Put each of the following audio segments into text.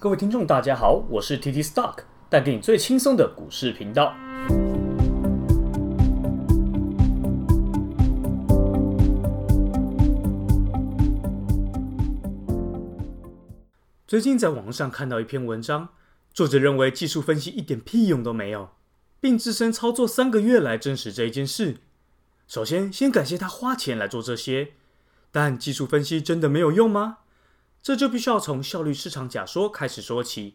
各位聽眾，大家好，我是 TT Stock，帶給你最輕鬆的股市頻道。最近在網上看到一篇文章，作者認為技術分析一點屁用都沒有，並自身操作三個月來證實這一件事。首先，先感謝他花錢來做這些，但技術分析真的沒有用嗎？這就必須要從效率市場假說開始說起。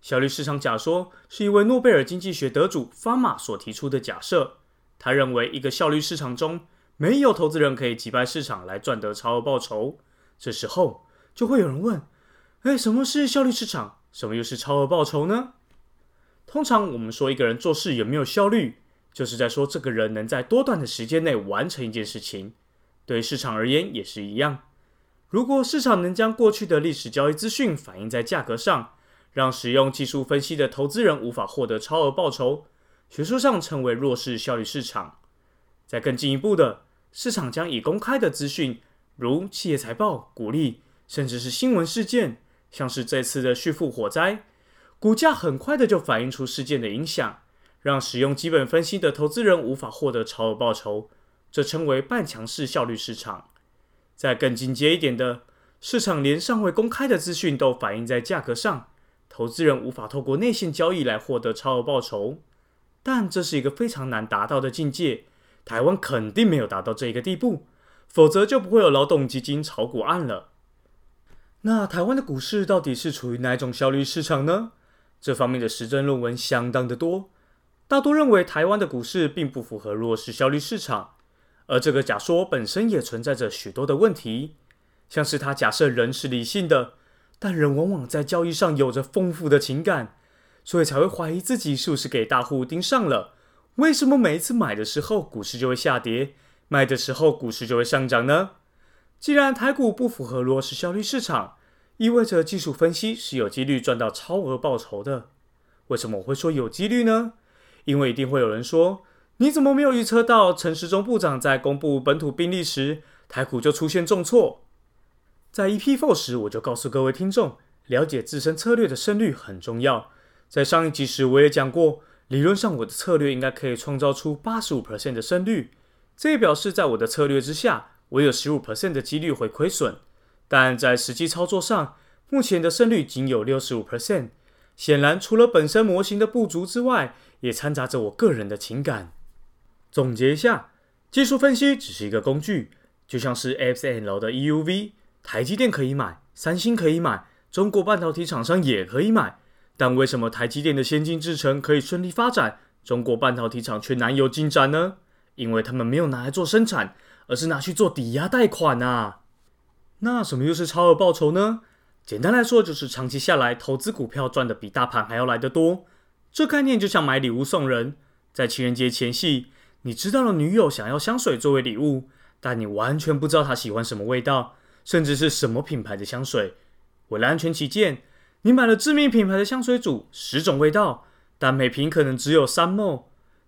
效率市場假說是一位諾貝爾經濟學得主法瑪所提出的假設。他認為，一個效率市場中，沒有投資人可以擊敗市場來賺得超額報酬。這時候就會有人問，哎，什麼是效率市場？什麼又是超額報酬呢？通常我們說一個人做事有沒有效率，就是在說這個人能在多短的時間內完成一件事情。對於市場而言也是一樣。如果市場能將過去的歷史交易資訊反映在價格上，讓使用技術分析的投資人無法獲得超額報酬，學術上稱為弱勢效率市場。再更進一步的，市場將已公開的資訊，如企業財報、股利，甚至是新聞事件，像是這次的旭富火災，股價很快的就反映出事件的影響，讓使用基本分析的投資人無法獲得超額報酬，這稱為半強勢效率市場。再更進階一點的市場，連尚未公開的資訊都反映在價格上，投資人無法透過內線交易來獲得超額報酬。但這是一個非常難達到的境界，台灣肯定沒有達到這個地步，否則就不會有勞動基金炒股案了。那台灣的股市到底是處於哪種效率市場呢？這方面的實證論文相當的多，大多認為台灣的股市並不符合弱勢效率市場。而這個假說本身也存在着許多的問題，像是它假設人是理性的，但人往往在交易上有着豐富的情感，所以才會懷疑自己是不是給大戶盯上了。為什麼每一次買的時候股市就會下跌，賣的時候股市就會上漲呢？既然台股不符合弱式效率市場，意味着技術分析是有幾率賺到超額報酬的。為什麼我會說有幾率呢？因為一定會有人說。你怎麼沒有預測到陳時中部長在公布本土病例時，台股就出現重挫？在 EP Four 時，我就告訴各位聽眾，了解自身策略的勝率很重要。在上一集時，我也講過，理論上我的策略應該可以創造出八十五 percent 的勝率，這也表示在我的策略之下，我有十五 percent 的幾率會虧損。但在實際操作上，目前的勝率僅有六十五 percent。顯然，除了本身模型的不足之外，也摻雜着我個人的情感。總結一下，技術分析只是一個工具，就像是 ASML 的 E U V，台積電可以買，三星可以買，中國半導體廠商也可以買。但為什麼台積電的先進製程可以順利發展，中國半導體廠卻難有進展呢？因為他們沒有拿來做生產，而是拿去做抵押貸款啊。那什麼又是超額報酬呢？簡單來說，就是長期下來投資股票賺的比大盤還要來得多。這概念就像買禮物送人，在情人節前夕。你知道了女友想要香水作為禮物，但你完全不知道她喜歡什麼味道，甚至是什麼品牌的香水。為了安全起見，你買了知名品牌的香水組，十種味道，但每瓶可能只有三 ml。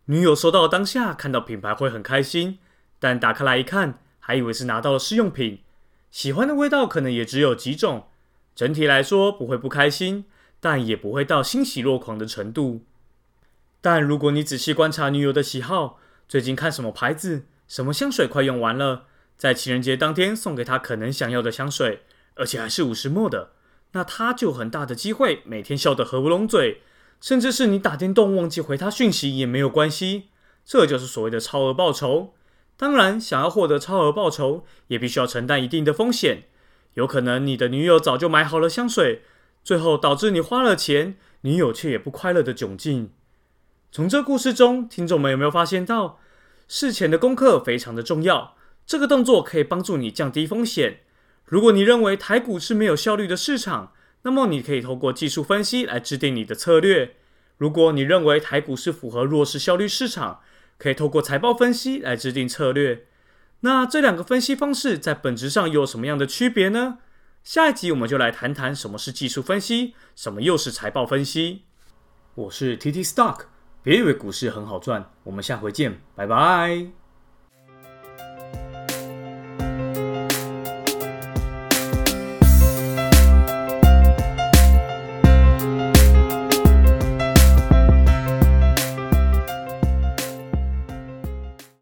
女友收到了當下看到品牌會很開心，但打開來一看，還以為是拿到了試用品，喜歡的味道可能也只有幾種。整體來說不會不開心，但也不會到欣喜若狂的程度。但如果你仔細觀察女友的喜好，最近看什麼牌子什麼香水快用完了，在情人節當天送給他可能想要的香水，而且還是 50ml 的，那他就很大的機會每天笑得合不攏嘴，甚至是你打電動忘記回他訊息也沒有關係，這就是所謂的超額報酬。當然，想要獲得超額報酬，也必須要承擔一定的風險，有可能你的女友早就買好了香水，最後導致你花了錢，女友卻也不快樂的窘境。從這故事中，聽眾們有沒有發現到事前的功課非常的重要？這個動作可以幫助你降低風險。如果你認為台股是沒有效率的市場，那麼你可以透過技術分析來制定你的策略。如果你認為台股是符合弱勢效率市場，可以透過財報分析來制定策略。那這兩個分析方式在本質上又有什麼樣的區別呢？下一集我們就來談談什麼是技術分析，什麼又是財報分析。我是 TT Stock。別以為股市很好賺，我們下回見，拜拜。